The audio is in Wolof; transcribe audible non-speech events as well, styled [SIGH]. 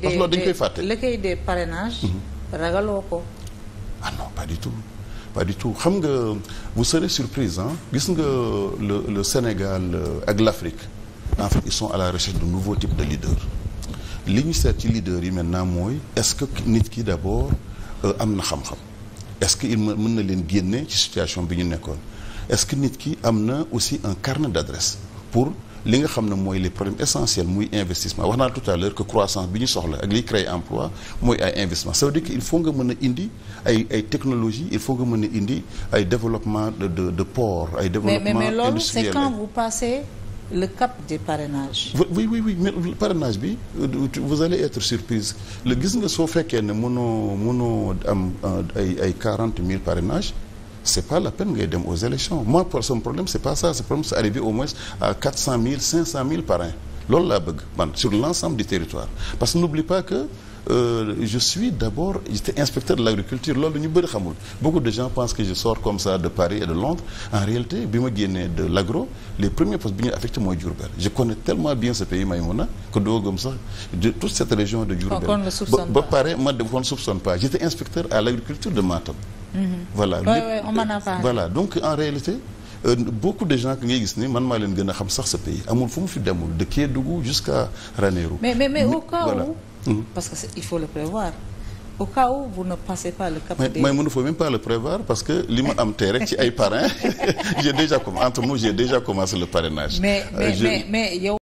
parce que loolu dañ koy fàtte. l'écueil des parrainages. Mhm. ragaloo ko. ah non pas du tout pas du tout xam nga vous serez surprise ah gis nga le le Sénégal euh, ak l'Afrique en fait ils sont à la recherche de nouveaux types de leaders li ñu seet ci leaders yi maintenant mooy est-ce que nit ki d'abord euh, am na xam-xam est-ce que il mën na leen génne ci situation bi ñu nekkoon est-ce que nit ki am na aussi un carnet d'adresse pour. li nga xam ne mooy les problèmes essentiels muy investissement wax naa tout à l'heure que croissance bi ñu soxla ak liy créer emploi mooy ay investissement ça veut dire que il faut nga mën a indi ay technologie il faut nga mën a indi ay développement de de de port ay développement mais mais loolu c'est quand vous passez le cap du parrainage. oui oui oui mais parrainage bi euh, vous allez être surprise le gis nga soo fekkee ne mënoo mënoo am euh, ay ay quarante mille parrainages c'est pas la peine ngay dem aux élections moi pour son problème c'est pas ça ce problème c'est arrivé au moins à 400 000 loolu laa bëgg sur l'ensemble du territoire parce que n'oublie pas que euh, je suis d'abord j'étais inspecteur de l'agriculture loolu ñu bëri xamul beaucoup comme ça de Paris et de Londres en réalité bi ma génnee de l'agro les premiers postes bi ñu affecté mooy Diourbel je connais tellement bien ce pays Maïmouna que doo gëm sax de toute cette région Mm-hmm. voilà voilà donc en réalité euh, beaucoup de gens que ngay gis ni man maa leen gën a xam sax ce pays amul fu mu fi demul de Kédougou jusqu'à Ranérou mais mais mais au cas où mm-hmm. parce que il faut le prévoir au cas où vous ne passez pas le cap mais des... mais parce que li ma am rek ci ay parrains [LAUGHS] j'ai déjà comme entre commencé le parrainage. mais euh, mais, mais, mais yow.